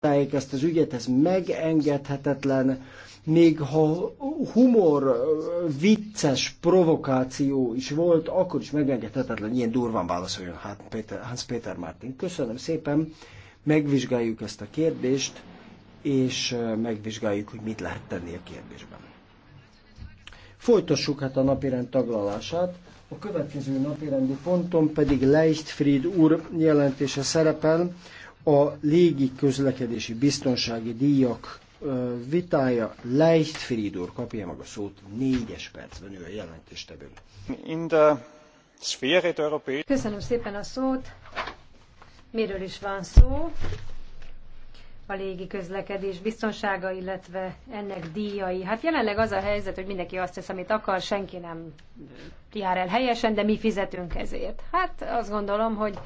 tájék ezt az ügyet, ez megengedhetetlen, még ha humor, vicces provokáció is volt, akkor is megengedhetetlen, ilyen durván válaszoljon hát Péter, Hans Péter Martin. Köszönöm szépen, megvizsgáljuk ezt a kérdést, és megvizsgáljuk, hogy mit lehet tenni a kérdésben. Folytassuk hát a napirend taglalását. A következő napirendi ponton pedig Leichtfried úr jelentése szerepel, a légi közlekedési biztonsági díjak vitája. Leichtfried úr kapja meg a szót, négyes percben ő a jelentéstevő. In the sphere the Köszönöm szépen a szót. Miről is van szó? a légi közlekedés biztonsága, illetve ennek díjai. Hát jelenleg az a helyzet, hogy mindenki azt tesz, amit akar, senki nem jár el helyesen, de mi fizetünk ezért. Hát azt gondolom, hogy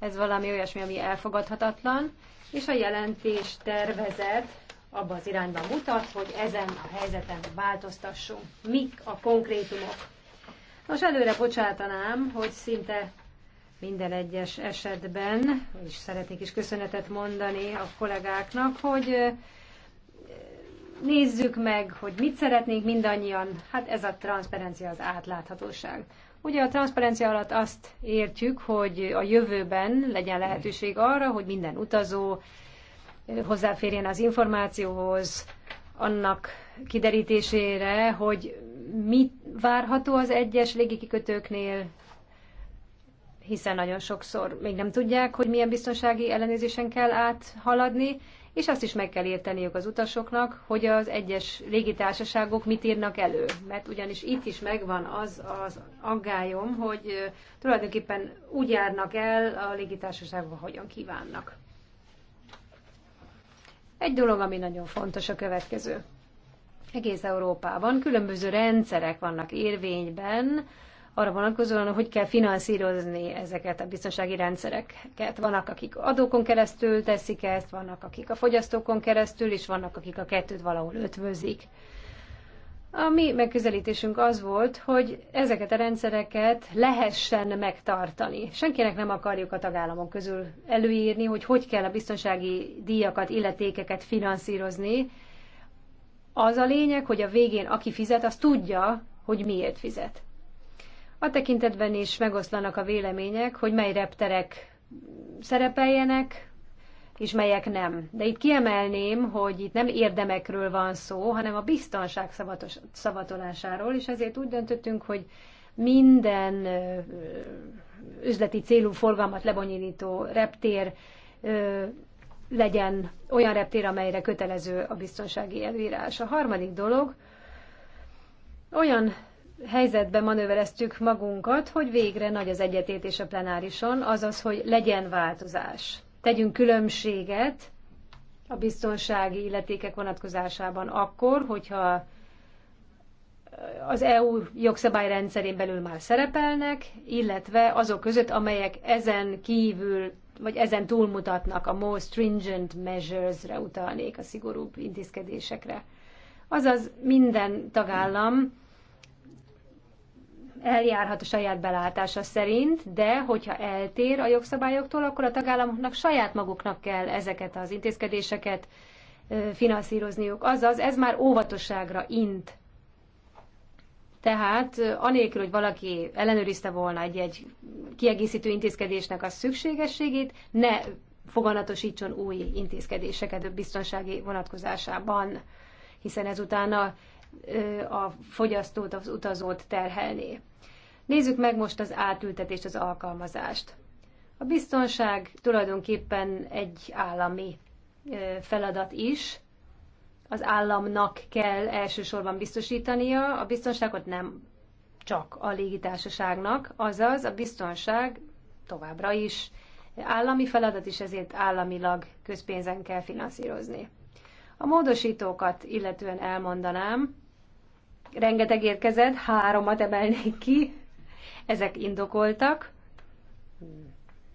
ez valami olyasmi, ami elfogadhatatlan, és a jelentés tervezet abba az irányba mutat, hogy ezen a helyzeten változtassunk. Mik a konkrétumok? Most előre bocsátanám, hogy szinte minden egyes esetben, és szeretnék is köszönetet mondani a kollégáknak, hogy nézzük meg, hogy mit szeretnénk mindannyian, hát ez a transzperencia, az átláthatóság. Ugye a transzparencia alatt azt értjük, hogy a jövőben legyen lehetőség arra, hogy minden utazó hozzáférjen az információhoz, annak kiderítésére, hogy mi várható az egyes légikikötőknél, hiszen nagyon sokszor még nem tudják, hogy milyen biztonsági ellenőrzésen kell áthaladni, és azt is meg kell érteniük az utasoknak, hogy az egyes légitársaságok mit írnak elő. Mert ugyanis itt is megvan az az aggályom, hogy tulajdonképpen úgy járnak el a légitársaságban, hogyan kívánnak. Egy dolog, ami nagyon fontos a következő. Egész Európában különböző rendszerek vannak érvényben, arra vonatkozóan, hogy kell finanszírozni ezeket a biztonsági rendszereket. Vannak, akik adókon keresztül teszik ezt, vannak, akik a fogyasztókon keresztül, és vannak, akik a kettőt valahol ötvözik. A mi megközelítésünk az volt, hogy ezeket a rendszereket lehessen megtartani. Senkinek nem akarjuk a tagállamok közül előírni, hogy hogy kell a biztonsági díjakat, illetékeket finanszírozni. Az a lényeg, hogy a végén aki fizet, az tudja, hogy miért fizet. A tekintetben is megoszlanak a vélemények, hogy mely repterek szerepeljenek, és melyek nem. De itt kiemelném, hogy itt nem érdemekről van szó, hanem a biztonság szavatolásáról, és ezért úgy döntöttünk, hogy minden üzleti célú forgalmat lebonyolító reptér legyen olyan reptér, amelyre kötelező a biztonsági előírás. A harmadik dolog, olyan helyzetbe manővereztük magunkat, hogy végre nagy az egyetétés a plenárison, azaz, hogy legyen változás. Tegyünk különbséget a biztonsági illetékek vonatkozásában akkor, hogyha az EU jogszabályrendszerén belül már szerepelnek, illetve azok között, amelyek ezen kívül, vagy ezen túlmutatnak a more stringent measures-re utalnék, a szigorúbb intézkedésekre. Azaz minden tagállam eljárhat a saját belátása szerint, de hogyha eltér a jogszabályoktól, akkor a tagállamoknak saját maguknak kell ezeket az intézkedéseket finanszírozniuk. Azaz, ez már óvatosságra int. Tehát anélkül, hogy valaki ellenőrizte volna egy-egy kiegészítő intézkedésnek a szükségességét, ne foganatosítson új intézkedéseket biztonsági vonatkozásában, hiszen ezután a a fogyasztót, az utazót terhelni. Nézzük meg most az átültetést, az alkalmazást. A biztonság tulajdonképpen egy állami feladat is. Az államnak kell elsősorban biztosítania, a biztonságot nem csak a légitársaságnak, azaz a biztonság továbbra is állami feladat, és ezért államilag közpénzen kell finanszírozni. A módosítókat illetően elmondanám, rengeteg érkezett, háromat emelnék ki, ezek indokoltak,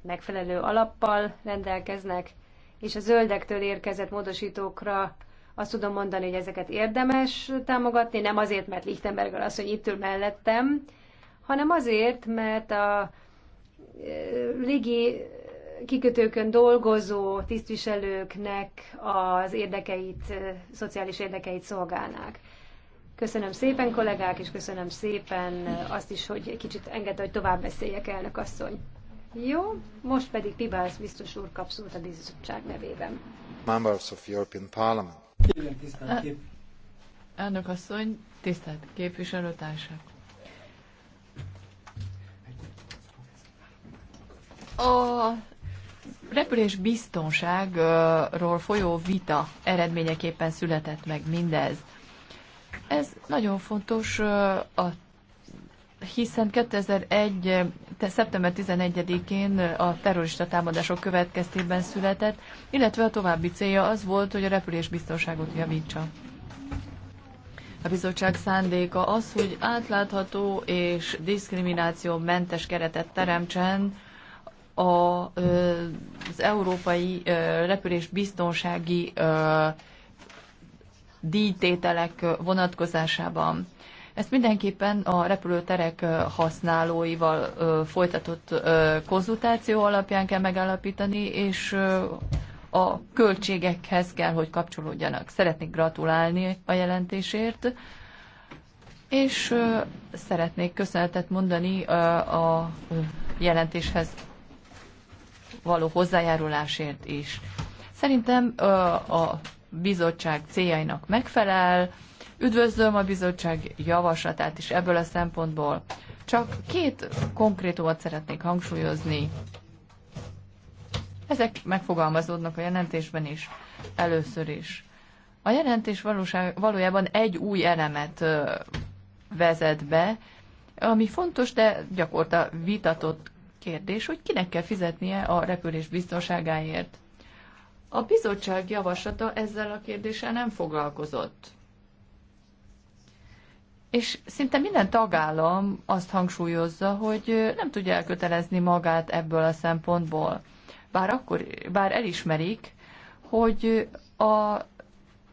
megfelelő alappal rendelkeznek, és a zöldektől érkezett módosítókra azt tudom mondani, hogy ezeket érdemes támogatni, nem azért, mert Lichtenberger asszony itt ül mellettem, hanem azért, mert a e, légi kikötőkön dolgozó tisztviselőknek az érdekeit, e, szociális érdekeit szolgálnák. Köszönöm szépen, kollégák, és köszönöm szépen azt is, hogy kicsit engedte, hogy tovább beszéljek, elnök asszony. Jó, most pedig Pibász biztos úr kap szót a bizottság nevében. Members of European Parliament. Igen, ah. Elnök asszony, tisztelt képviselőtársak. A repülés biztonságról folyó vita eredményeképpen született meg mindez. Ez nagyon fontos, a, hiszen 2001. szeptember 11-én a terrorista támadások következtében született, illetve a további célja az volt, hogy a repülés biztonságot javítsa. A bizottság szándéka az, hogy átlátható és diszkriminációmentes keretet teremtsen a, az európai repülés biztonsági díjtételek vonatkozásában. Ezt mindenképpen a repülőterek használóival folytatott konzultáció alapján kell megállapítani, és a költségekhez kell, hogy kapcsolódjanak. Szeretnék gratulálni a jelentésért, és szeretnék köszönetet mondani a jelentéshez való hozzájárulásért is. Szerintem a bizottság céljainak megfelel. Üdvözlöm a bizottság javaslatát is ebből a szempontból. Csak két konkrétumot szeretnék hangsúlyozni. Ezek megfogalmazódnak a jelentésben is, először is. A jelentés valóság, valójában egy új elemet vezet be, ami fontos, de gyakorta vitatott kérdés, hogy kinek kell fizetnie a repülés biztonságáért. A bizottság javaslata ezzel a kérdéssel nem foglalkozott. És szinte minden tagállam azt hangsúlyozza, hogy nem tudja elkötelezni magát ebből a szempontból. Bár, akkor, bár elismerik, hogy a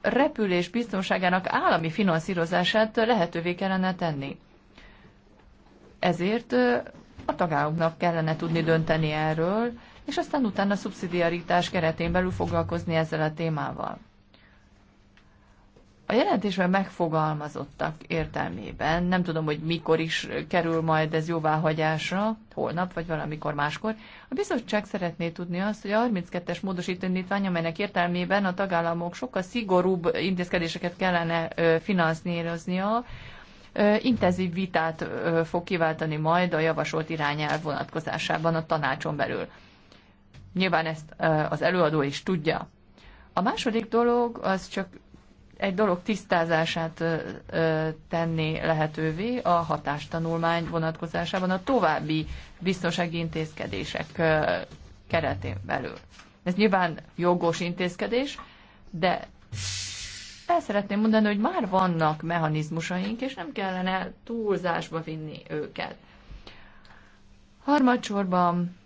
repülés biztonságának állami finanszírozását lehetővé kellene tenni. Ezért a tagállamnak kellene tudni dönteni erről, és aztán utána szubszidiaritás keretén belül foglalkozni ezzel a témával. A jelentésben megfogalmazottak értelmében, nem tudom, hogy mikor is kerül majd ez jóváhagyásra, holnap vagy valamikor máskor, a bizottság szeretné tudni azt, hogy a 32-es módosítőindítvány, amelynek értelmében a tagállamok sokkal szigorúbb intézkedéseket kellene finanszíroznia, intenzív vitát fog kiváltani majd a javasolt irányelv vonatkozásában a tanácson belül. Nyilván ezt az előadó is tudja. A második dolog az csak egy dolog tisztázását tenni lehetővé a hatástanulmány vonatkozásában a további biztonsági intézkedések keretén belül. Ez nyilván jogos intézkedés, de el szeretném mondani, hogy már vannak mechanizmusaink, és nem kellene túlzásba vinni őket. Harmadsorban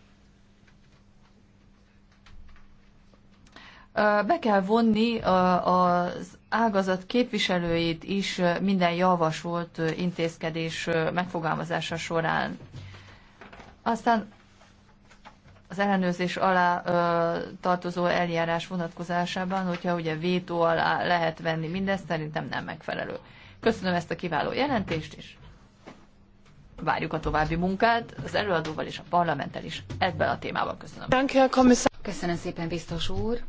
Be kell vonni az ágazat képviselőit is minden javasolt intézkedés megfogalmazása során. Aztán az ellenőrzés alá ö, tartozó eljárás vonatkozásában, hogyha ugye vétó alá lehet venni mindezt, szerintem nem megfelelő. Köszönöm ezt a kiváló jelentést is. Várjuk a további munkát az előadóval és a parlamenttel is ebben a témával. Köszönöm. Köszönöm szépen, biztos úr.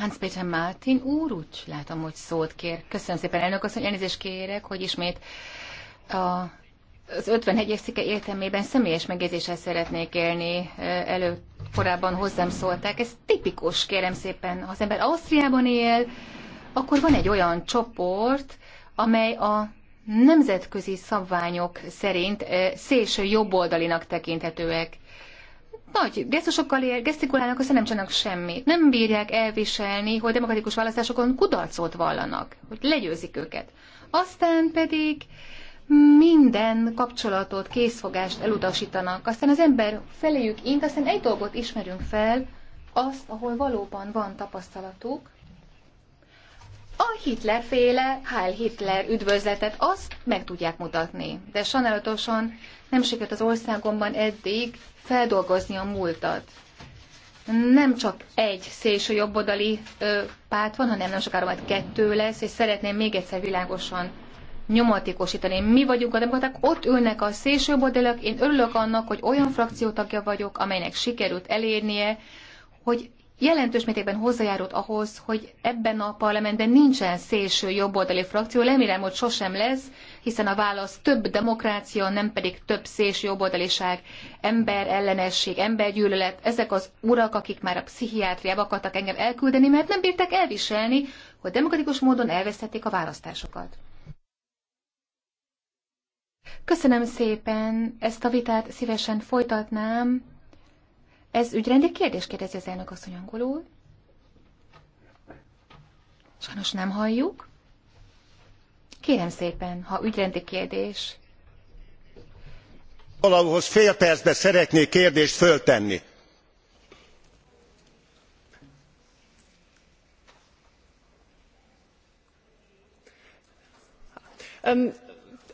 Hans Peter Martin úr, úgy látom, hogy szót kér. Köszönöm szépen, elnök asszony, elnézést kérek, hogy ismét a az 51-es cikke értelmében személyes megjegyzéssel szeretnék élni. Előbb korábban hozzám szólták, ez tipikus, kérem szépen. Ha az ember Ausztriában él, akkor van egy olyan csoport, amely a nemzetközi szabványok szerint szélső jobboldalinak tekinthetőek nagy gesztusokkal ér, gesztikulálnak, aztán nem csinálnak semmit. Nem bírják elviselni, hogy demokratikus választásokon kudarcot vallanak, hogy legyőzik őket. Aztán pedig minden kapcsolatot, készfogást elutasítanak. Aztán az ember feléjük int, aztán egy dolgot ismerünk fel, azt, ahol valóban van tapasztalatuk, a Hitlerféle Heil Hitler üdvözletet, azt meg tudják mutatni. De sajnálatosan nem sikerült az országomban eddig feldolgozni a múltat. Nem csak egy szélső jobboldali párt van, hanem nem sokára majd kettő lesz, és szeretném még egyszer világosan nyomatékosítani. Mi vagyunk a demokraták, ott ülnek a szélső jobboldalak, én örülök annak, hogy olyan frakciótagja vagyok, amelynek sikerült elérnie, hogy jelentős mértékben hozzájárult ahhoz, hogy ebben a parlamentben nincsen szélső jobboldali frakció, remélem, hogy sosem lesz, hiszen a válasz több demokrácia, nem pedig több szélső jobboldaliság, emberellenesség, embergyűlölet, ezek az urak, akik már a pszichiátriába akartak engem elküldeni, mert nem bírtak elviselni, hogy demokratikus módon elvesztették a választásokat. Köszönöm szépen, ezt a vitát szívesen folytatnám ez ügyrendi kérdés, kérdezi az elnök asszony angolul. Sajnos nem halljuk. Kérem szépen, ha ügyrendi kérdés. Valahhoz fél percbe szeretnék kérdést föltenni. Um,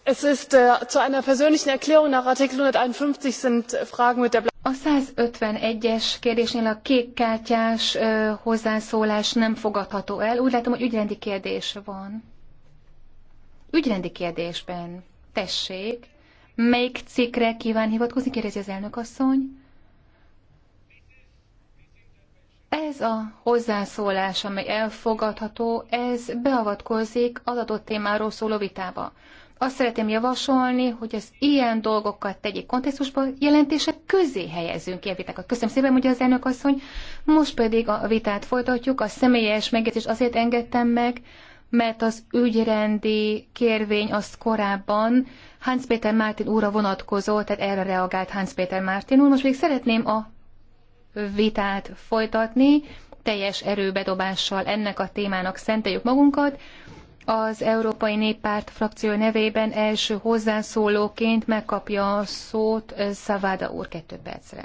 es ist äh, zu einer persönlichen erklärung nach artikel 151 sind fragen mit der. A 151-es kérdésnél a kékkártyás hozzászólás nem fogadható el. Úgy látom, hogy ügyrendi kérdés van. Ügyrendi kérdésben. Tessék. Melyik cikkre kíván hivatkozni? Kérdezi az elnök asszony. Ez a hozzászólás, amely elfogadható, ez beavatkozik az adott témáról szóló vitába. Azt szeretném javasolni, hogy az ilyen dolgokat tegyék kontextusba, jelentések közé helyezünk ilyen vitákat. Köszönöm szépen, hogy az elnök asszony. Most pedig a vitát folytatjuk. A személyes megjegyzést azért engedtem meg, mert az ügyrendi kérvény az korábban Hans Péter Mártin úra vonatkozott, tehát erre reagált Hans Péter Mártin úr. Most még szeretném a vitát folytatni, teljes erőbedobással ennek a témának szenteljük magunkat az Európai Néppárt frakció nevében első hozzászólóként megkapja a szót Szaváda úr kettő percre.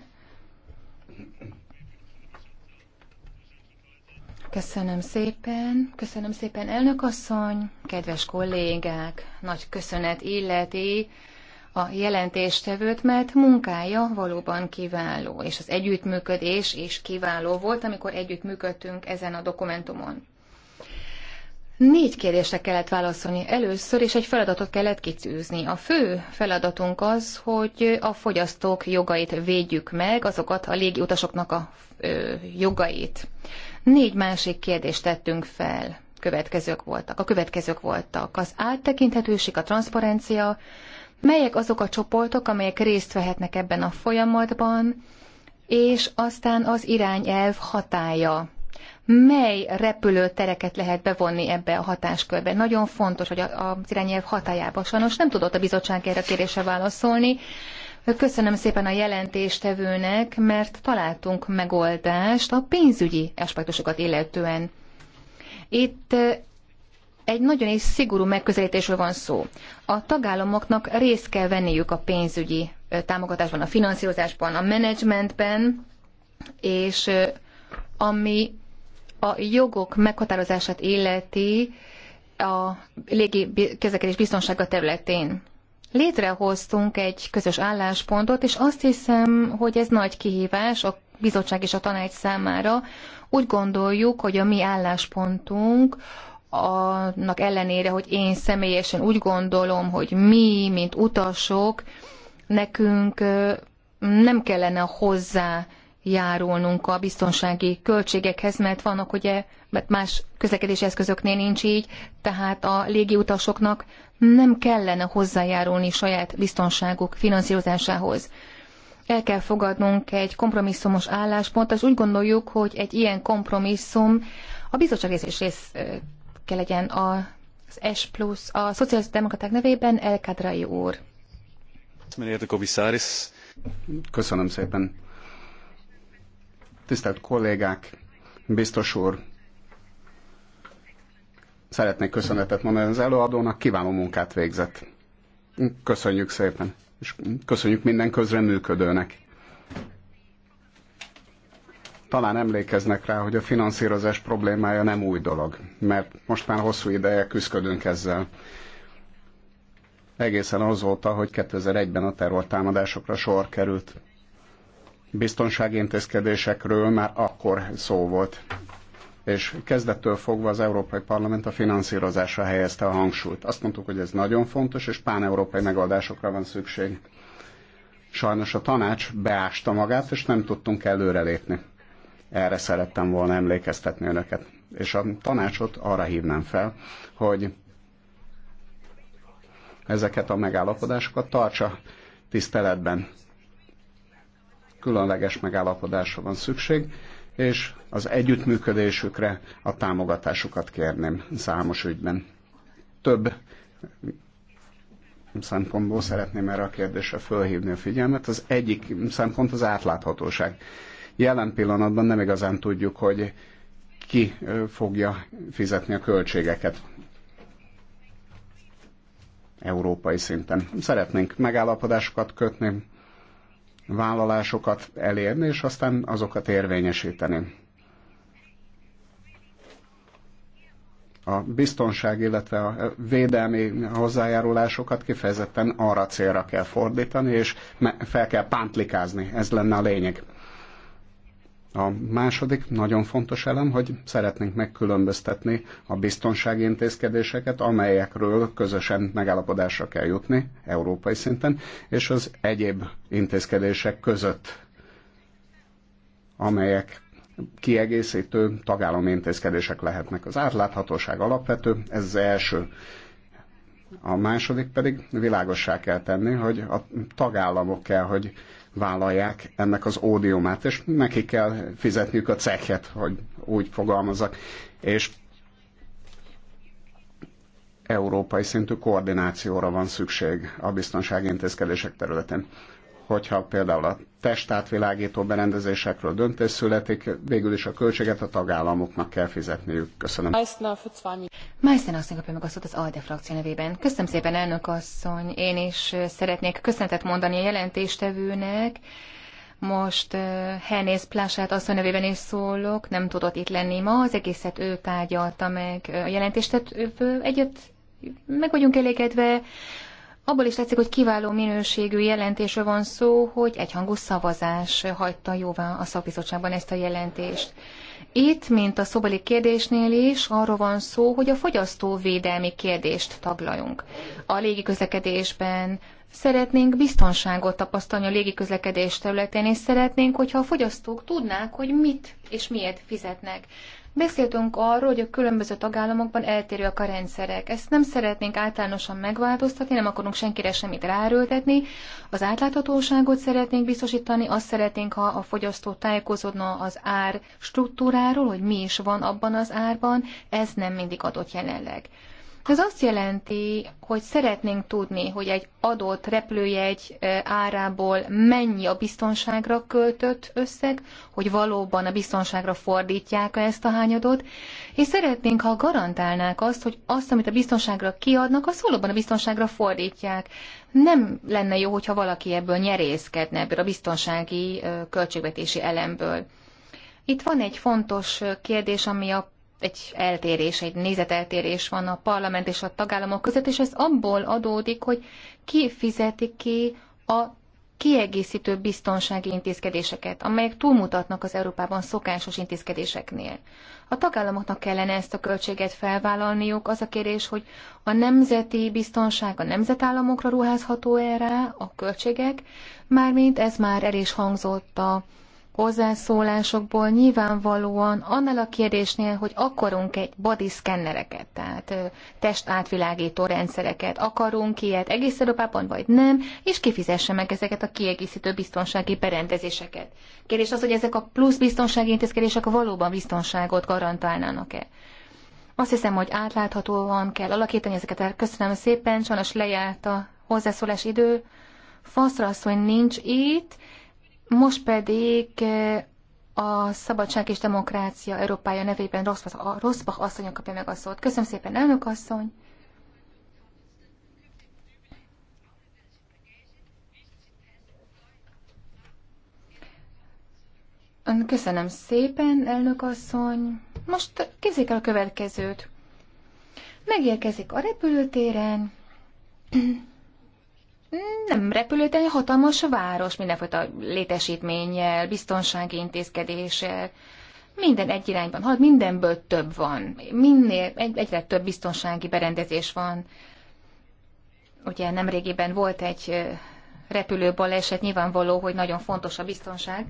Köszönöm szépen, köszönöm szépen elnök asszony, kedves kollégák, nagy köszönet illeti a jelentéstevőt, mert munkája valóban kiváló, és az együttműködés is kiváló volt, amikor együttműködtünk ezen a dokumentumon. Négy kérdésre kellett válaszolni először, és egy feladatot kellett kitűzni. A fő feladatunk az, hogy a fogyasztók jogait védjük meg, azokat a légiutasoknak a ö, jogait. Négy másik kérdést tettünk fel. Következők voltak. A következők voltak az áttekinthetőség, a transzparencia, melyek azok a csoportok, amelyek részt vehetnek ebben a folyamatban, és aztán az irányelv hatája mely repülőtereket lehet bevonni ebbe a hatáskörbe. Nagyon fontos, hogy a irányelv hatájában sajnos nem tudott a bizottság erre kérdése válaszolni. Köszönöm szépen a jelentéstevőnek, mert találtunk megoldást a pénzügyi aspektusokat illetően. Itt eh, egy nagyon is szigorú megközelítésről van szó. A tagállamoknak részt kell venniük a pénzügyi eh, támogatásban, a finanszírozásban, a menedzsmentben, és eh, ami a jogok meghatározását illeti a légi közlekedés biztonsága területén. Létrehoztunk egy közös álláspontot, és azt hiszem, hogy ez nagy kihívás a bizottság és a tanács számára. Úgy gondoljuk, hogy a mi álláspontunk annak ellenére, hogy én személyesen úgy gondolom, hogy mi, mint utasok, nekünk nem kellene hozzá hozzájárulnunk a biztonsági költségekhez, mert vannak ugye, mert más közlekedési eszközöknél nincs így, tehát a légiutasoknak nem kellene hozzájárulni saját biztonságuk finanszírozásához. El kell fogadnunk egy kompromisszumos álláspont, és úgy gondoljuk, hogy egy ilyen kompromisszum a bizottság rész rész kell legyen az S plusz, a szociális demokraták nevében El Kadrai úr. Köszönöm szépen. Tisztelt kollégák, biztos úr, szeretnék köszönetet mondani az előadónak, kiváló munkát végzett. Köszönjük szépen, és köszönjük minden közreműködőnek. Talán emlékeznek rá, hogy a finanszírozás problémája nem új dolog, mert most már hosszú ideje küzdködünk ezzel egészen azóta, hogy 2001-ben a terrortámadásokra sor került biztonsági intézkedésekről már akkor szó volt. És kezdettől fogva az Európai Parlament a finanszírozásra helyezte a hangsúlyt. Azt mondtuk, hogy ez nagyon fontos, és pán-európai megoldásokra van szükség. Sajnos a tanács beásta magát, és nem tudtunk előrelépni. Erre szerettem volna emlékeztetni önöket. És a tanácsot arra hívnám fel, hogy ezeket a megállapodásokat tartsa tiszteletben különleges megállapodásra van szükség, és az együttműködésükre a támogatásukat kérném számos ügyben. Több szempontból szeretném erre a kérdésre fölhívni a figyelmet. Az egyik szempont az átláthatóság. Jelen pillanatban nem igazán tudjuk, hogy ki fogja fizetni a költségeket európai szinten. Szeretnénk megállapodásokat kötni vállalásokat elérni, és aztán azokat érvényesíteni. A biztonság, illetve a védelmi hozzájárulásokat kifejezetten arra célra kell fordítani, és fel kell pántlikázni. Ez lenne a lényeg. A második nagyon fontos elem, hogy szeretnénk megkülönböztetni a biztonsági intézkedéseket, amelyekről közösen megállapodásra kell jutni európai szinten, és az egyéb intézkedések között, amelyek kiegészítő tagállami intézkedések lehetnek. Az átláthatóság alapvető, ez az első. A második pedig világossá kell tenni, hogy a tagállamok kell, hogy vállalják ennek az ódiumát, és neki kell fizetniük a cekhet, hogy úgy fogalmazak. És európai szintű koordinációra van szükség a biztonsági intézkedések területén. Hogyha például a testátvilágító berendezésekről döntés születik, végül is a költséget a tagállamoknak kell fizetniük. Köszönöm. Májszen asszony kapja meg a szót az ALDE frakció nevében. Köszönöm szépen, elnök asszony. Én is szeretnék köszönetet mondani a jelentéstevőnek. Most uh, Hernész Plását asszony nevében is szólok, nem tudott itt lenni ma, az egészet ő tárgyalta meg a jelentést, tehát egyet meg vagyunk elégedve. Abból is látszik, hogy kiváló minőségű jelentésről van szó, hogy egyhangú szavazás hagyta jóvá a szakbizottságban ezt a jelentést. Uh, itt, mint a szobali kérdésnél is, arról van szó, hogy a fogyasztóvédelmi kérdést taglaljunk. A légiközlekedésben szeretnénk biztonságot tapasztalni a légiközlekedés területén, és szeretnénk, hogyha a fogyasztók tudnák, hogy mit és miért fizetnek. Beszéltünk arról, hogy a különböző tagállamokban eltérőek a rendszerek. Ezt nem szeretnénk általánosan megváltoztatni, nem akarunk senkire semmit ráerőltetni. Az átláthatóságot szeretnénk biztosítani, azt szeretnénk, ha a fogyasztó tájékozódna az ár struktúráról, hogy mi is van abban az árban, ez nem mindig adott jelenleg. Ez azt jelenti, hogy szeretnénk tudni, hogy egy adott repülőjegy árából mennyi a biztonságra költött összeg, hogy valóban a biztonságra fordítják -e ezt a hányadot, és szeretnénk, ha garantálnák azt, hogy azt, amit a biztonságra kiadnak, azt valóban a biztonságra fordítják. Nem lenne jó, hogyha valaki ebből nyerészkedne, ebből a biztonsági költségvetési elemből. Itt van egy fontos kérdés, ami a egy eltérés, egy nézeteltérés van a parlament és a tagállamok között, és ez abból adódik, hogy ki fizeti ki a kiegészítő biztonsági intézkedéseket, amelyek túlmutatnak az Európában szokásos intézkedéseknél. A tagállamoknak kellene ezt a költséget felvállalniuk. Az a kérés, hogy a nemzeti biztonság a nemzetállamokra ruházható erre a költségek, mármint ez már el is hangzott a hozzászólásokból nyilvánvalóan annál a kérdésnél, hogy akarunk egy body szkennereket, tehát testátvilágító rendszereket, akarunk ilyet egész Európában, vagy nem, és kifizesse meg ezeket a kiegészítő biztonsági berendezéseket. Kérdés az, hogy ezek a plusz biztonsági intézkedések valóban biztonságot garantálnának-e. Azt hiszem, hogy átláthatóan kell alakítani ezeket. Köszönöm szépen, sajnos lejárt a hozzászólás idő. Faszra hogy nincs itt, most pedig eh, a Szabadság és Demokrácia Európája nevében Rosszbach asszonyok kapja meg a szót. Köszönöm szépen, elnök asszony! Köszönöm szépen, elnök asszony. Most képzék el a következőt. Megérkezik a repülőtéren, nem repülő, de hatalmas város, mindenfajta létesítménnyel, biztonsági intézkedéssel, minden egy irányban halad, mindenből több van, minél egy, egyre több biztonsági berendezés van. Ugye nemrégiben volt egy repülő baleset, nyilvánvaló, hogy nagyon fontos a biztonság.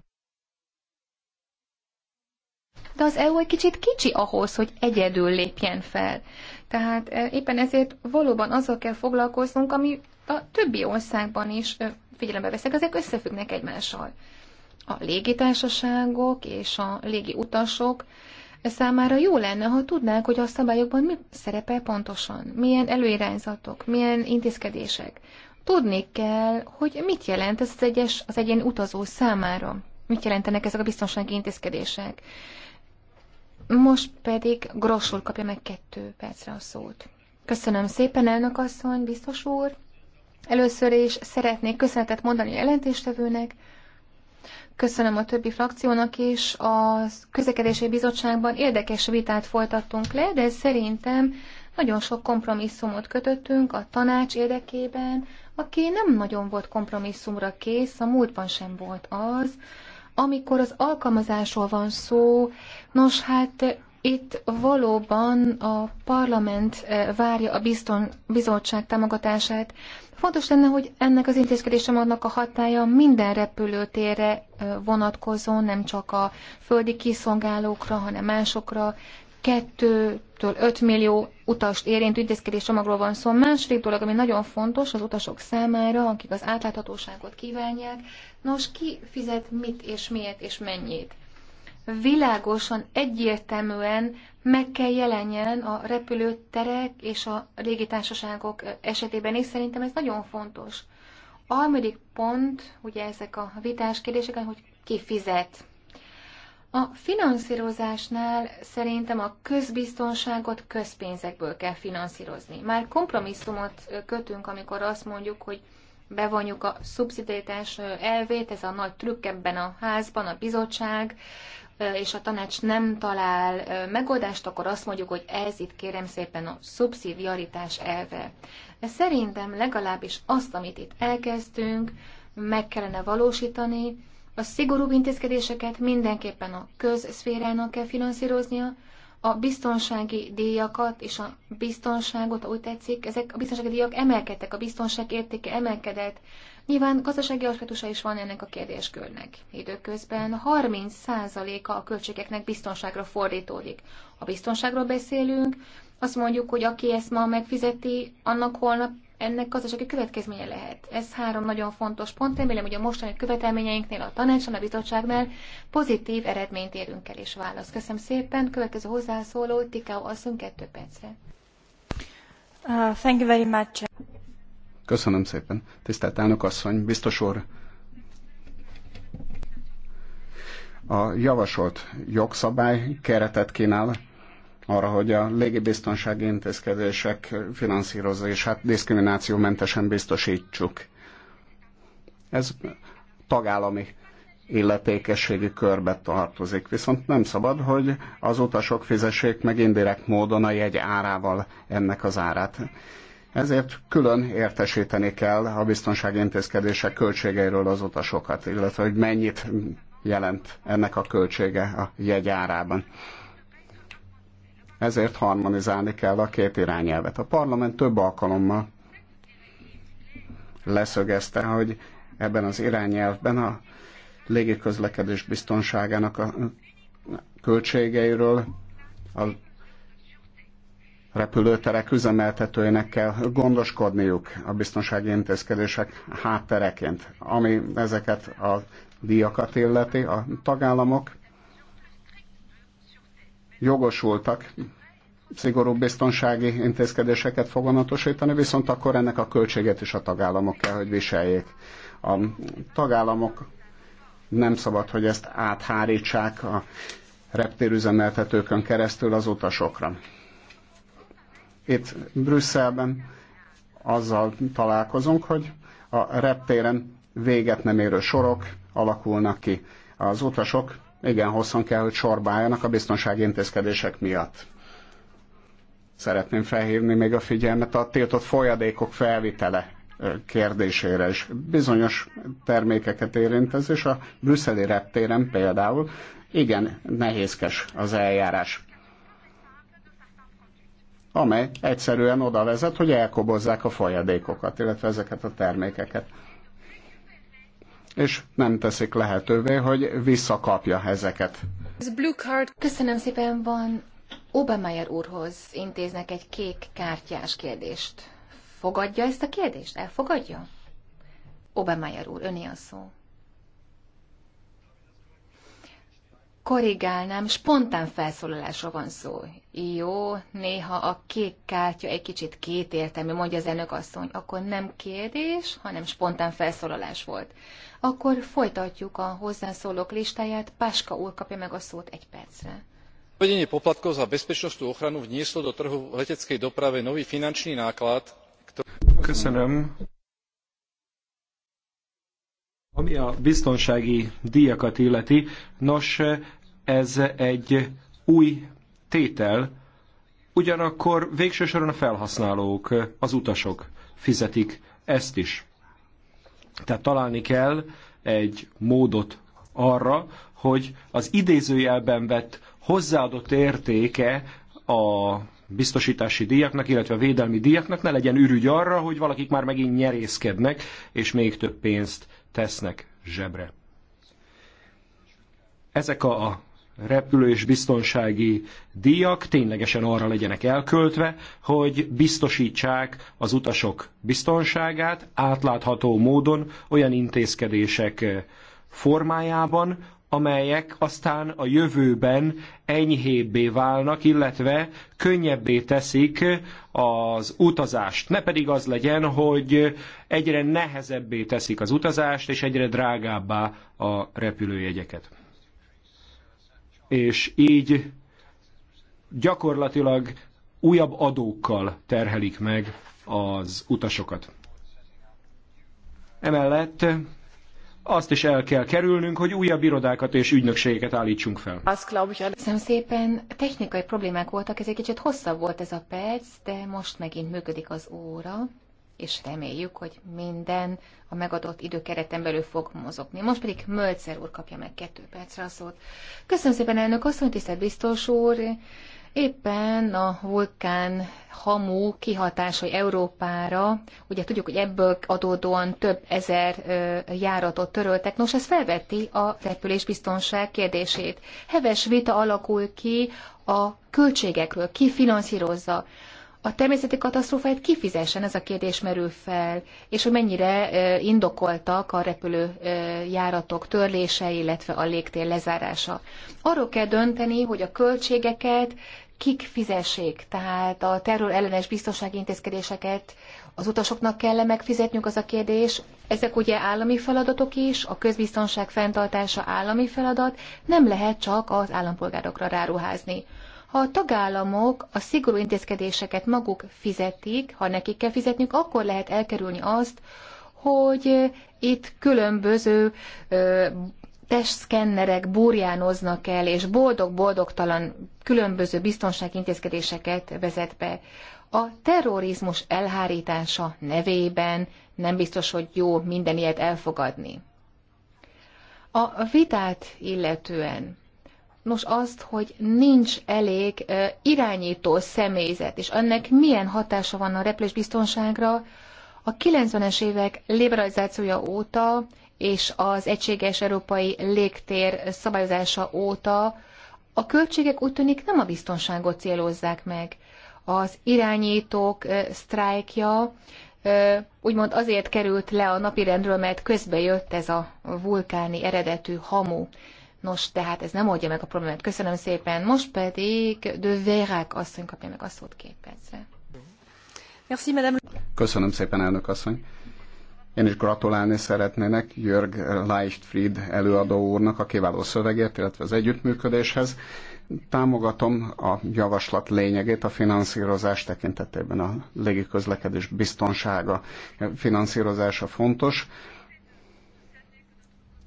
De az EU egy kicsit kicsi ahhoz, hogy egyedül lépjen fel. Tehát éppen ezért valóban azzal kell foglalkoznunk, ami a többi országban is figyelembe veszek, ezek összefüggnek egymással. A légitársaságok és a légi utasok számára jó lenne, ha tudnák, hogy a szabályokban mi szerepel pontosan, milyen előirányzatok, milyen intézkedések. Tudni kell, hogy mit jelent ez az, egyes, az egyén utazó számára, mit jelentenek ezek a biztonsági intézkedések. Most pedig Grossul kapja meg kettő percre a szót. Köszönöm szépen, elnök asszony, biztos úr! Először is szeretnék köszönetet mondani a jelentéstevőnek, köszönöm a többi frakciónak is. A közlekedési bizottságban érdekes vitát folytattunk le, de szerintem nagyon sok kompromisszumot kötöttünk a tanács érdekében, aki nem nagyon volt kompromisszumra kész, a múltban sem volt az. Amikor az alkalmazásról van szó, nos hát itt valóban a parlament eh, várja a bizton, bizottság támogatását. Fontos lenne, hogy ennek az intézkedésem adnak a hatája minden repülőtérre eh, vonatkozó, nem csak a földi kiszolgálókra, hanem másokra. 2-től 5 millió utast érintő intézkedés csomagról van szó. Szóval második dolog, ami nagyon fontos az utasok számára, akik az átláthatóságot kívánják, nos, ki fizet mit és miért és mennyit világosan, egyértelműen meg kell jelenjen a repülőterek és a légitársaságok esetében is. Szerintem ez nagyon fontos. A harmadik pont, ugye ezek a vitás kérdések, hogy ki fizet. A finanszírozásnál szerintem a közbiztonságot közpénzekből kell finanszírozni. Már kompromisszumot kötünk, amikor azt mondjuk, hogy bevonjuk a szubszidétás elvét, ez a nagy trükk ebben a házban, a bizottság és a tanács nem talál megoldást, akkor azt mondjuk, hogy ez itt kérem szépen a szubszidiaritás elve. De szerintem legalábbis azt, amit itt elkezdtünk, meg kellene valósítani, a szigorúbb intézkedéseket mindenképpen a közszférának kell finanszíroznia, a biztonsági díjakat és a biztonságot, úgy tetszik, ezek a biztonsági díjak emelkedtek, a biztonság értéke emelkedett. Nyilván gazdasági aspektusa is van ennek a kérdéskörnek. Időközben 30%-a a költségeknek biztonságra fordítódik. A biztonságról beszélünk, azt mondjuk, hogy aki ezt ma megfizeti, annak holnap ennek gazdasági következménye lehet. Ez három nagyon fontos pont. Remélem, hogy a mostani követelményeinknél, a tanácson, a bizottságnál pozitív eredményt érünk el és választ. Köszönöm szépen. Következő hozzászóló, Tikao asszony, kettő percre. Uh, thank you very much. Köszönöm szépen. Tisztelt elnök asszony, biztos úr, a javasolt jogszabály keretet kínál arra, hogy a légibiztonsági intézkedések finanszírozását diszkriminációmentesen biztosítsuk. Ez tagállami illetékességi körbe tartozik. Viszont nem szabad, hogy az utasok fizessék meg indirekt módon a jegy árával ennek az árát. Ezért külön értesíteni kell a biztonsági intézkedések költségeiről az utasokat, illetve hogy mennyit jelent ennek a költsége a jegyárában ezért harmonizálni kell a két irányelvet. A parlament több alkalommal leszögezte, hogy ebben az irányelvben a légiközlekedés biztonságának a költségeiről a repülőterek üzemeltetőinek kell gondoskodniuk a biztonsági intézkedések háttereként, ami ezeket a díjakat illeti. A tagállamok jogosultak szigorú biztonsági intézkedéseket foganatosítani, viszont akkor ennek a költséget is a tagállamok kell, hogy viseljék. A tagállamok nem szabad, hogy ezt áthárítsák a reptérüzemeltetőkön keresztül az utasokra. Itt Brüsszelben azzal találkozunk, hogy a reptéren véget nem érő sorok alakulnak ki. Az utasok igen hosszan kell, hogy sorba álljanak a biztonsági intézkedések miatt. Szeretném felhívni még a figyelmet a tiltott folyadékok felvitele kérdésére is. Bizonyos termékeket érint ez, és a brüsszeli reptéren például igen nehézkes az eljárás amely egyszerűen oda vezet, hogy elkobozzák a folyadékokat, illetve ezeket a termékeket és nem teszik lehetővé, hogy visszakapja ezeket. Köszönöm szépen, van Obermeyer úrhoz intéznek egy kék kártyás kérdést. Fogadja ezt a kérdést? Elfogadja? Obermeyer úr, öné a szó. korrigálnám, spontán felszólalásra van szó. Jó, néha a kék kártya egy kicsit kétértelmű, mondja az elnök asszony, akkor nem kérdés, hanem spontán felszólalás volt. Akkor folytatjuk a hozzászólók listáját, Páska úr kapja meg a szót egy percre. Vedenie poplatkov za bezpečnostnú ochranu vnieslo do trhu v leteckej doprave nový finančný náklad, Köszönöm. Ami a biztonsági díjakat illeti, nos, ez egy új tétel, ugyanakkor végső soron a felhasználók, az utasok fizetik ezt is. Tehát találni kell egy módot arra, hogy az idézőjelben vett hozzáadott értéke a biztosítási díjaknak, illetve a védelmi díjaknak ne legyen ürügy arra, hogy valakik már megint nyerészkednek, és még több pénzt tesznek zsebre. Ezek a Repülő és biztonsági díjak ténylegesen arra legyenek elköltve, hogy biztosítsák az utasok biztonságát átlátható módon olyan intézkedések formájában, amelyek aztán a jövőben enyhébbé válnak, illetve könnyebbé teszik az utazást. Ne pedig az legyen, hogy egyre nehezebbé teszik az utazást, és egyre drágábbá a repülőjegyeket és így gyakorlatilag újabb adókkal terhelik meg az utasokat. Emellett azt is el kell kerülnünk, hogy újabb irodákat és ügynökségeket állítsunk fel. Azt hiszem szépen, technikai problémák voltak, ez egy kicsit hosszabb volt ez a perc, de most megint működik az óra és reméljük, hogy minden a megadott időkereten belül fog mozogni. Most pedig Mölcer úr kapja meg kettő percre a szót. Köszönöm szépen, elnök asszony, tisztelt biztos úr! Éppen a vulkán hamu kihatásai Európára, ugye tudjuk, hogy ebből adódóan több ezer járatot töröltek, nos ez felveti a repülésbiztonság kérdését. Heves vita alakul ki a költségekről, ki finanszírozza a természeti katasztrófáját kifizessen, ez a kérdés merül fel, és hogy mennyire indokoltak a repülőjáratok törlése, illetve a légtér lezárása. Arról kell dönteni, hogy a költségeket kik fizessék, tehát a terror ellenes biztonsági intézkedéseket az utasoknak kell -e megfizetniük az a kérdés. Ezek ugye állami feladatok is, a közbiztonság fenntartása állami feladat, nem lehet csak az állampolgárokra ráruházni. Ha a tagállamok a szigorú intézkedéseket maguk fizetik, ha nekik kell fizetniük, akkor lehet elkerülni azt, hogy itt különböző testszkennerek burjánoznak el, és boldog-boldogtalan különböző biztonságintézkedéseket vezet be. A terrorizmus elhárítása nevében nem biztos, hogy jó minden ilyet elfogadni. A vitát illetően Nos, azt, hogy nincs elég irányító személyzet, és ennek milyen hatása van a repülés biztonságra, a 90-es évek liberalizációja óta és az egységes európai légtér szabályozása óta a költségek úgy tűnik nem a biztonságot célozzák meg. Az irányítók sztrájkja úgymond azért került le a napirendről, mert közbe jött ez a vulkáni eredetű hamu. Nos, tehát ez nem oldja meg a problémát. Köszönöm szépen. Most pedig de Vérák asszony kapja meg a szót két percre. Köszönöm szépen, elnök asszony. Én is gratulálni szeretnének Jörg Leichtfried előadó úrnak a kiváló szövegért, illetve az együttműködéshez. Támogatom a javaslat lényegét a finanszírozás tekintetében. A légiközlekedés biztonsága finanszírozása fontos.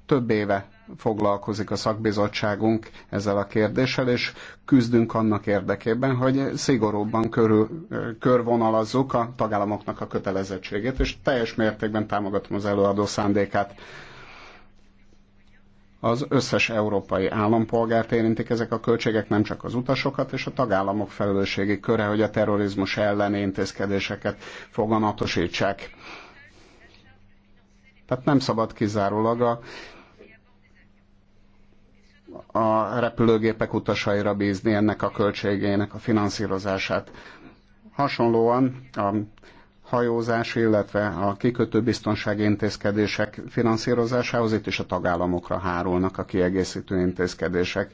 Több éve foglalkozik a szakbizottságunk ezzel a kérdéssel, és küzdünk annak érdekében, hogy szigorúbban körül, körvonalazzuk a tagállamoknak a kötelezettségét, és teljes mértékben támogatom az előadó szándékát. Az összes európai állampolgárt érintik ezek a költségek, nem csak az utasokat, és a tagállamok felelősségi köre, hogy a terrorizmus elleni intézkedéseket foganatosítsák. Tehát nem szabad kizárólag a a repülőgépek utasaira bízni ennek a költségének a finanszírozását. Hasonlóan a hajózás, illetve a kikötő biztonsági intézkedések finanszírozásához itt is a tagállamokra hárulnak a kiegészítő intézkedések.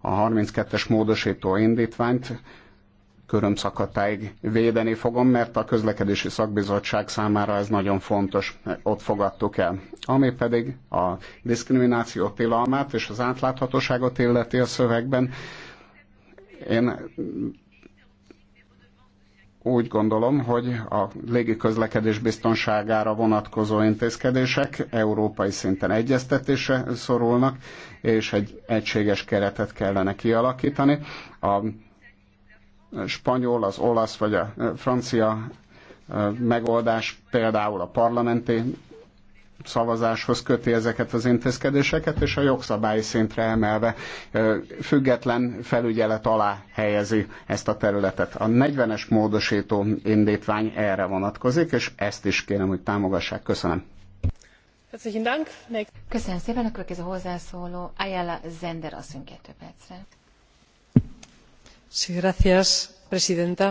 A 32-es módosító indítványt körömszakatáig védeni fogom, mert a közlekedési szakbizottság számára ez nagyon fontos, ott fogadtuk el. Ami pedig a diszkrimináció tilalmát és az átláthatóságot illeti a szövegben, én úgy gondolom, hogy a közlekedés biztonságára vonatkozó intézkedések európai szinten egyeztetése szorulnak, és egy egységes keretet kellene kialakítani. A spanyol, az olasz vagy a francia megoldás például a parlamenti szavazáshoz köti ezeket az intézkedéseket, és a jogszabályi szintre emelve független felügyelet alá helyezi ezt a területet. A 40-es módosító indítvány erre vonatkozik, és ezt is kérem, hogy támogassák. Köszönöm. Köszönöm szépen, a következő hozzászóló Ayala Zender a kettő percre señora presidenta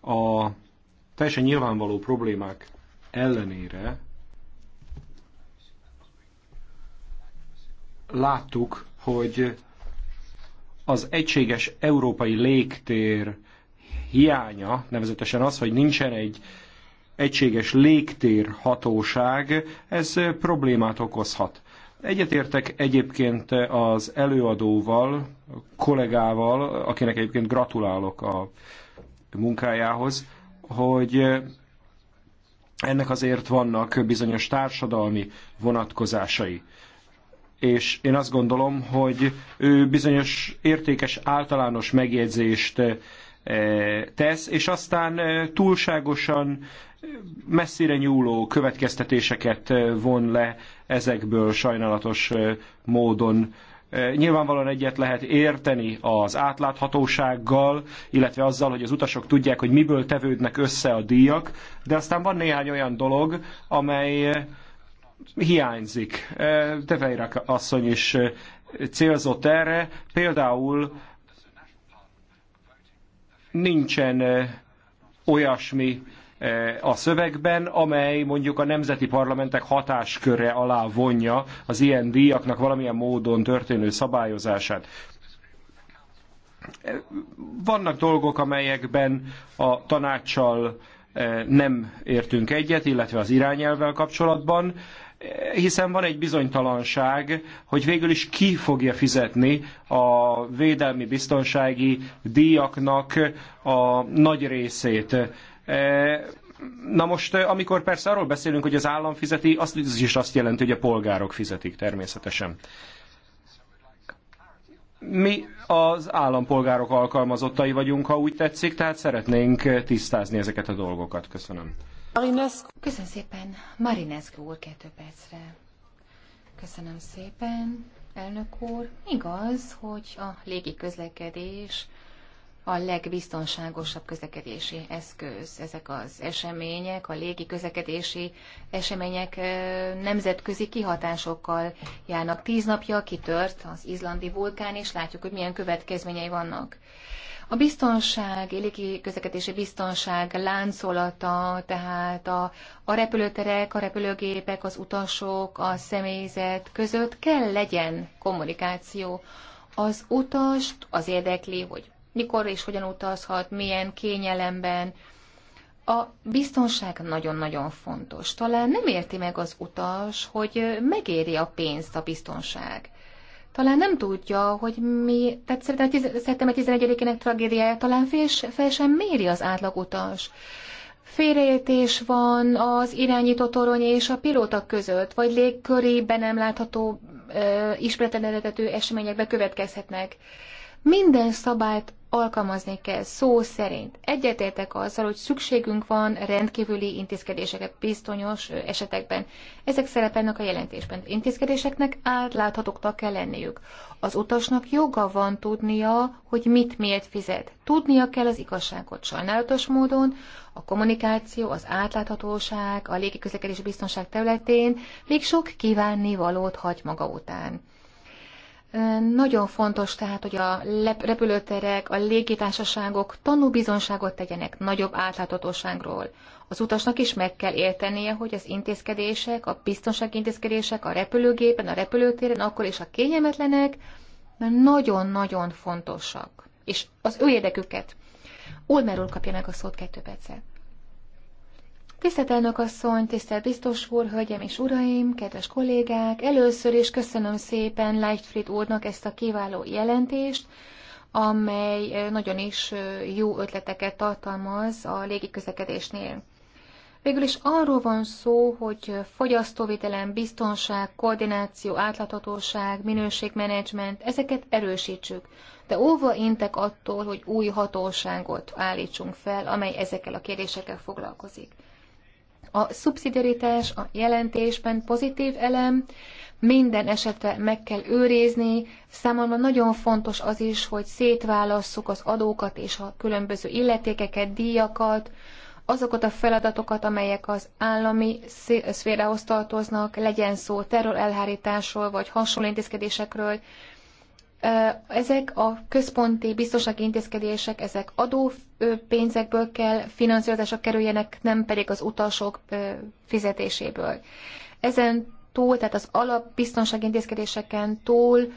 a teljesen nyilvánvaló problémák ellenére láttuk hogy az egységes európai légtér hiánya, nevezetesen az, hogy nincsen egy egységes légtérhatóság, ez problémát okozhat Egyetértek egyébként az előadóval, kollégával, akinek egyébként gratulálok a munkájához, hogy ennek azért vannak bizonyos társadalmi vonatkozásai. És én azt gondolom, hogy ő bizonyos értékes általános megjegyzést eh, tesz, és aztán eh, túlságosan eh, messzire nyúló következtetéseket von le ezekből sajnálatos módon Nyilvánvalóan egyet lehet érteni az átláthatósággal, illetve azzal, hogy az utasok tudják, hogy miből tevődnek össze a díjak, de aztán van néhány olyan dolog, amely hiányzik. Teveira asszony is célzott erre, például nincsen olyasmi Eh, a szövegben, amely mondjuk a nemzeti parlamentek hatásköre alá vonja az ilyen díjaknak valamilyen módon történő szabályozását. Eh, vannak dolgok, amelyekben a tanácssal eh, nem értünk egyet, illetve az irányelvvel kapcsolatban, hiszen van egy bizonytalanság, hogy végül is ki fogja fizetni a védelmi biztonsági díjaknak a nagy részét E, na most, e, amikor persze arról beszélünk, hogy az állam fizeti, az is azt jelenti, hogy a polgárok fizetik természetesen. Mi az állampolgárok alkalmazottai vagyunk, ha úgy tetszik, tehát szeretnénk tisztázni ezeket a dolgokat. Köszönöm. Marinescu. Köszönöm szépen. Marinescu úr, kettő percre. Köszönöm szépen, elnök úr. Igaz, hogy a légi közlekedés a legbiztonságosabb közlekedési eszköz. Ezek az események, a légi közlekedési események nemzetközi kihatásokkal járnak. Tíz napja kitört az izlandi vulkán, és látjuk, hogy milyen következményei vannak. A biztonság, légi közlekedési biztonság láncolata, tehát a, a repülőterek, a repülőgépek, az utasok, a személyzet között kell legyen kommunikáció. Az utast az érdekli, hogy mikor és hogyan utazhat, milyen kényelemben. A biztonság nagyon-nagyon fontos. Talán nem érti meg az utas, hogy megéri a pénzt a biztonság. Talán nem tudja, hogy mi, tehát szerintem a 11-ének tragédiája talán fél, fél sem méri az átlag utas félreértés van az irányító torony és a pilóta között, vagy légkörében nem látható ö, ismeretlen eredetű események bekövetkezhetnek. Minden szabályt alkalmazni kell szó szerint. Egyetértek azzal, hogy szükségünk van rendkívüli intézkedéseket bizonyos esetekben. Ezek szerepelnek a jelentésben. Intézkedéseknek átláthatóknak kell lenniük. Az utasnak joga van tudnia, hogy mit miért fizet. Tudnia kell az igazságot sajnálatos módon, a kommunikáció, az átláthatóság, a légiközlekedés biztonság területén még sok kívánni valót hagy maga után. Nagyon fontos tehát, hogy a repülőterek, a légitársaságok tanúbizonságot tegyenek nagyobb átláthatóságról. Az utasnak is meg kell értenie, hogy az intézkedések, a biztonsági intézkedések a repülőgépen, a repülőtéren, akkor is a kényelmetlenek, mert nagyon-nagyon fontosak. És az ő érdeküket. Ulmerul kapja meg a szót kettő percet. Tisztelt elnök asszony, tisztelt biztos úr, hölgyem és uraim, kedves kollégák! Először is köszönöm szépen Leichtfried úrnak ezt a kiváló jelentést, amely nagyon is jó ötleteket tartalmaz a közlekedésnél. Végül is arról van szó, hogy fogyasztóvédelem, biztonság, koordináció, átláthatóság, minőségmenedzsment, ezeket erősítsük, de óva intek attól, hogy új hatóságot állítsunk fel, amely ezekkel a kérdésekkel foglalkozik. A szubszidiaritás a jelentésben pozitív elem, minden esetre meg kell őrizni. Számomra nagyon fontos az is, hogy szétválasszuk az adókat és a különböző illetékeket, díjakat, azokat a feladatokat, amelyek az állami szférához tartoznak, legyen szó terrorelhárításról vagy hasonló intézkedésekről, ezek a központi biztonsági intézkedések, ezek adópénzekből kell finanszírozásra kerüljenek, nem pedig az utasok fizetéséből. Ezen túl, tehát az alapbiztonsági intézkedéseken túl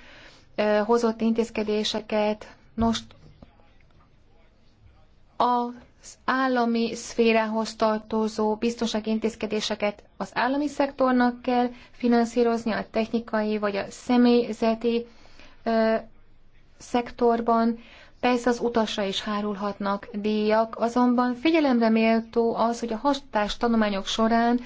hozott intézkedéseket, most az állami szférához tartozó biztonsági intézkedéseket az állami szektornak kell finanszírozni, a technikai vagy a személyzeti szektorban, Persze az utasra is hárulhatnak díjak, azonban figyelemre méltó az, hogy a hatás tanulmányok során,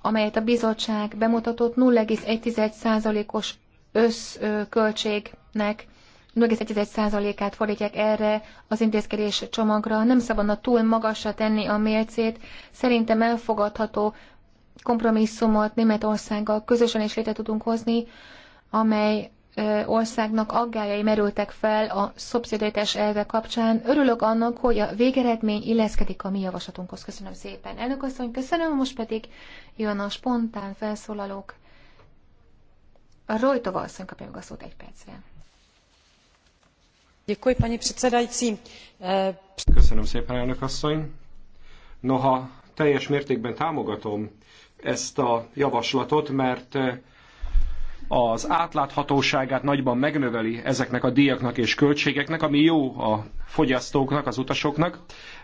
amelyet a bizottság bemutatott, 0,1%-os összköltségnek 0,1%-át fordítják erre az intézkedés csomagra. Nem szabadna túl magasra tenni a mércét. Szerintem elfogadható kompromisszumot Németországgal közösen is létre tudunk hozni, amely országnak aggájai merültek fel a szubszidiaritás elve kapcsán. Örülök annak, hogy a végeredmény illeszkedik a mi javaslatunkhoz. Köszönöm szépen. Elnök asszony, köszönöm, most pedig jön a spontán felszólalók. A Rojtova asszony kapja meg a szót egy percre. Eh, köszönöm szépen, elnök asszony. Noha teljes mértékben támogatom ezt a javaslatot, mert eh, az átláthatóságát nagyban megnöveli ezeknek a díjaknak és költségeknek, ami jó a fogyasztóknak, az utasoknak.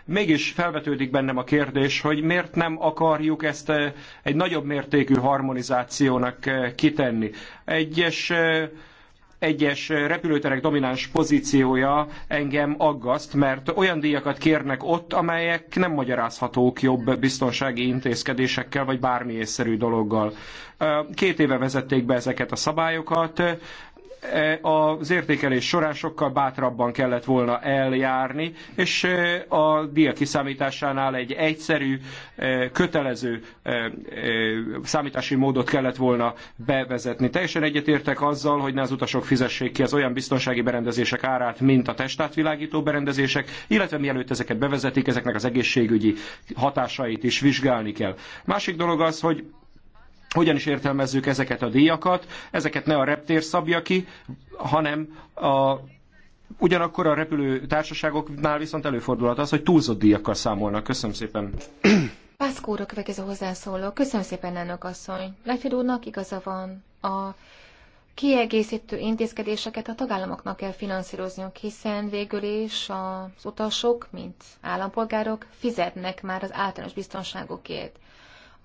Mégis felvetődik bennem a kérdés, hogy miért nem akarjuk ezt eh, egy nagyobb mértékű harmonizációnak eh, kitenni. Egyes eh, egyes repülőterek domináns pozíciója engem aggaszt, mert olyan díjakat kérnek ott, amelyek nem magyarázhatók jobb biztonsági intézkedésekkel, vagy bármi észszerű dologgal. Két éve vezették be ezeket a szabályokat, az értékelés során sokkal bátrabban kellett volna eljárni, és a dia kiszámításánál egy egyszerű, kötelező számítási módot kellett volna bevezetni. Teljesen egyetértek azzal, hogy ne az utasok fizessék ki az olyan biztonsági berendezések árát, mint a testátvilágító berendezések, illetve mielőtt ezeket bevezetik, ezeknek az egészségügyi hatásait is vizsgálni kell. Másik dolog az, hogy hogyan is értelmezzük ezeket a díjakat, ezeket ne a reptér szabja ki, hanem a Ugyanakkor a repülő társaságoknál viszont előfordulhat az, hogy túlzott díjakkal számolnak. Köszönöm szépen. Pászkóra következő hozzászóló. Köszönöm szépen, elnök asszony. Lefid úrnak igaza van. A kiegészítő intézkedéseket a tagállamoknak kell finanszírozniuk, hiszen végül is az utasok, mint állampolgárok fizetnek már az általános biztonságokért.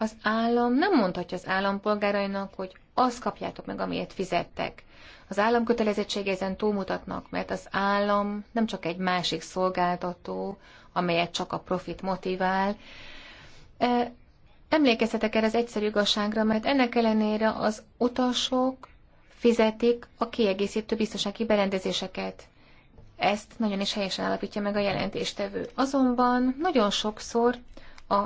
Az állam nem mondhatja az állampolgárainak, hogy azt kapjátok meg, amiért fizettek. Az állam kötelezettsége ezen túlmutatnak, mert az állam nem csak egy másik szolgáltató, amelyet csak a profit motivál. E, Emlékezzetek erre az egyszerű igazságra, mert ennek ellenére az utasok fizetik a kiegészítő biztonsági berendezéseket. Ezt nagyon is helyesen állapítja meg a jelentéstevő. Azonban nagyon sokszor a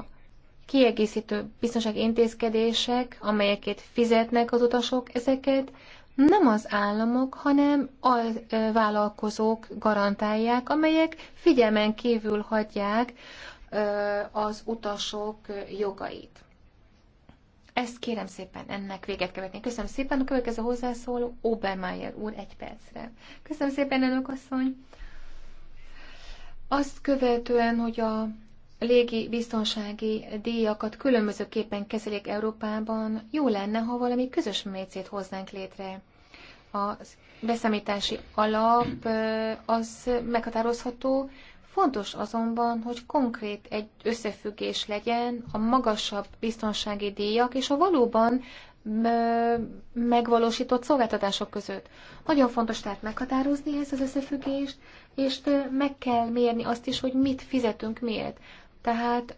kiegészítő biztonsági intézkedések, amelyeket fizetnek az utasok, ezeket nem az államok, hanem a vállalkozók garantálják, amelyek figyelmen kívül hagyják az utasok jogait. Ezt kérem szépen, ennek véget követni. Köszönöm szépen a következő hozzászóló Obermeier úr egy percre. Köszönöm szépen, elnök asszony. Azt követően, hogy a légi biztonsági díjakat különbözőképpen kezelik Európában, jó lenne, ha valami közös mércét hoznánk létre. A beszámítási alap az meghatározható, fontos azonban, hogy konkrét egy összefüggés legyen a magasabb biztonsági díjak és a valóban megvalósított szolgáltatások között. Nagyon fontos tehát meghatározni ezt az összefüggést, és meg kell mérni azt is, hogy mit fizetünk miért. Tehát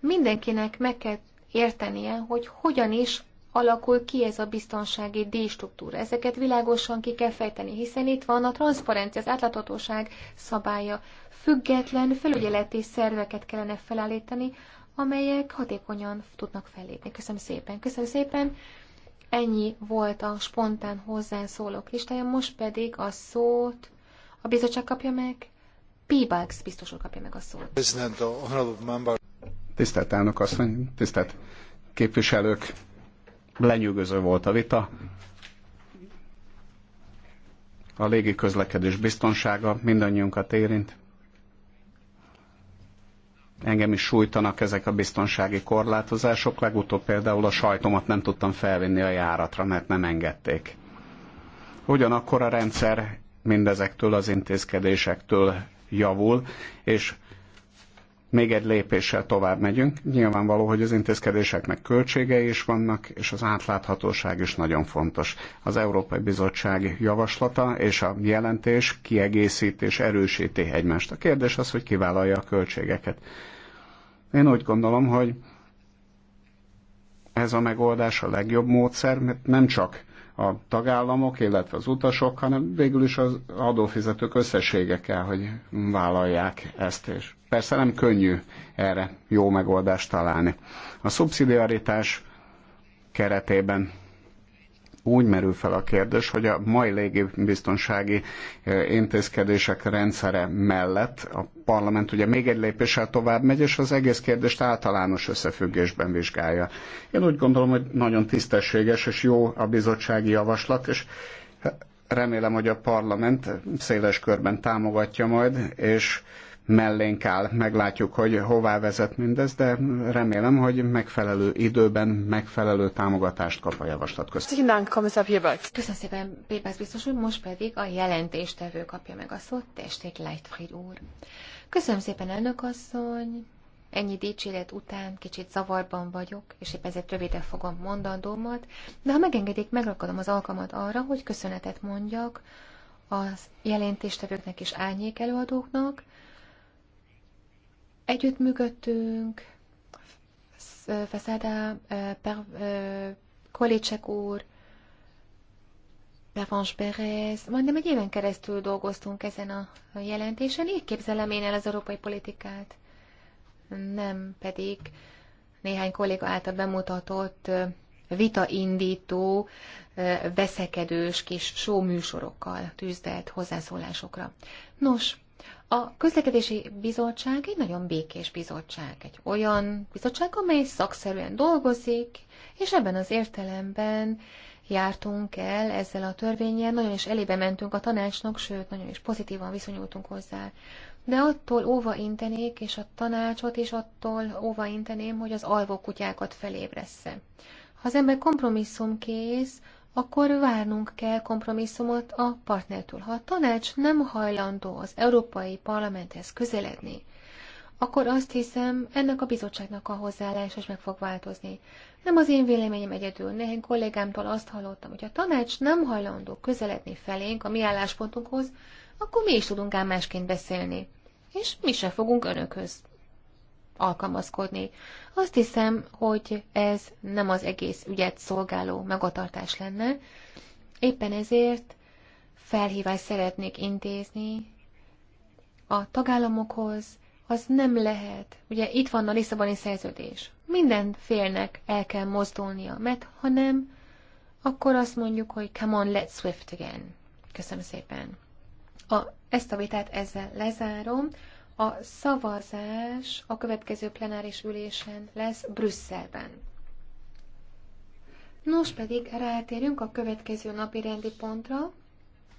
mindenkinek meg kell értenie, hogy hogyan is alakul ki ez a biztonsági díjstruktúra. Ezeket világosan ki kell fejteni, hiszen itt van a transzparencia, az átláthatóság szabálya. Független felügyeleti szerveket kellene felállítani, amelyek hatékonyan tudnak fellépni. Köszönöm szépen. Köszönöm szépen. Ennyi volt a spontán hozzászólók listája, most pedig a szót a bizottság kapja meg. P. biztos kapja meg a szót. Tisztelt elnök asszony, tisztelt képviselők, lenyűgöző volt a vita. A légi közlekedés biztonsága mindannyiunkat érint. Engem is sújtanak ezek a biztonsági korlátozások. Legutóbb például a sajtomat nem tudtam felvinni a járatra, mert nem engedték. Ugyanakkor a rendszer mindezektől az intézkedésektől javul, és még egy lépéssel tovább megyünk. Nyilvánvaló, hogy az intézkedéseknek költségei is vannak, és az átláthatóság is nagyon fontos. Az Európai Bizottság javaslata és a jelentés kiegészít és erősíti egymást. A kérdés az, hogy kivállalja a költségeket. Én úgy gondolom, hogy ez a megoldás a legjobb módszer, mert nem csak a tagállamok, illetve az utasok, hanem végül is az adófizetők összessége kell, hogy vállalják ezt. És persze nem könnyű erre jó megoldást találni. A szubszidiaritás keretében úgy merül fel a kérdés, hogy a mai légibiztonsági intézkedések rendszere mellett a parlament ugye még egy lépéssel tovább megy, és az egész kérdést általános összefüggésben vizsgálja. Én úgy gondolom, hogy nagyon tisztességes és jó a bizottsági javaslat, és remélem, hogy a parlament széles körben támogatja majd, és mellénk áll. Meglátjuk, hogy hová vezet mindez, de remélem, hogy megfelelő időben megfelelő támogatást kap a javaslat között. Köszönöm szépen, Pépász biztos úr, most pedig a jelentéstevő kapja meg a szót, testék Leitfried úr. Köszönöm szépen, elnök asszony. Ennyi dicséret után kicsit zavarban vagyok, és épp ezért röviden fogom mondandómat, de ha megengedik, megrakadom az alkalmat arra, hogy köszönetet mondjak az jelentéstevőknek és árnyék előadóknak, Együttműködtünk, Feszeda eh, eh, Kolécsek úr, Lafans Perez, majdnem egy éven keresztül dolgoztunk ezen a jelentésen, így képzelem én el az európai politikát. Nem pedig néhány kolléga által bemutatott eh, vitaindító, veszekedős kis sóműsorokkal tűzdelt hozzászólásokra. Nos, a közlekedési bizottság egy nagyon békés bizottság, egy olyan bizottság, amely szakszerűen dolgozik, és ebben az értelemben jártunk el ezzel a törvényen, nagyon is elébe mentünk a tanácsnak, sőt, nagyon is pozitívan viszonyultunk hozzá. De attól óva intenék, és a tanácsot is attól óva inteném, hogy az alvó kutyákat felébressze. Ha az ember kompromisszum kész, akkor várnunk kell kompromisszumot a partnertől. Ha a tanács nem hajlandó az Európai Parlamenthez közeledni, akkor azt hiszem, ennek a bizottságnak a hozzáállás is meg fog változni. Nem az én véleményem egyedül, néhány kollégámtól azt hallottam, hogy a tanács nem hajlandó közeledni felénk a mi álláspontunkhoz, akkor mi is tudunk ám másként beszélni. És mi se fogunk önökhöz alkalmazkodni. Azt hiszem, hogy ez nem az egész ügyet szolgáló megatartás lenne. Éppen ezért felhívást szeretnék intézni a tagállamokhoz, az nem lehet. Ugye itt van a Lisszaboni szerződés. Minden félnek el kell mozdulnia, mert ha nem, akkor azt mondjuk, hogy come on, let's swift again. Köszönöm szépen. A, ezt a vitát ezzel lezárom. A szavazás a következő plenáris ülésen lesz Brüsszelben. Nos pedig rátérünk a következő napi rendi pontra,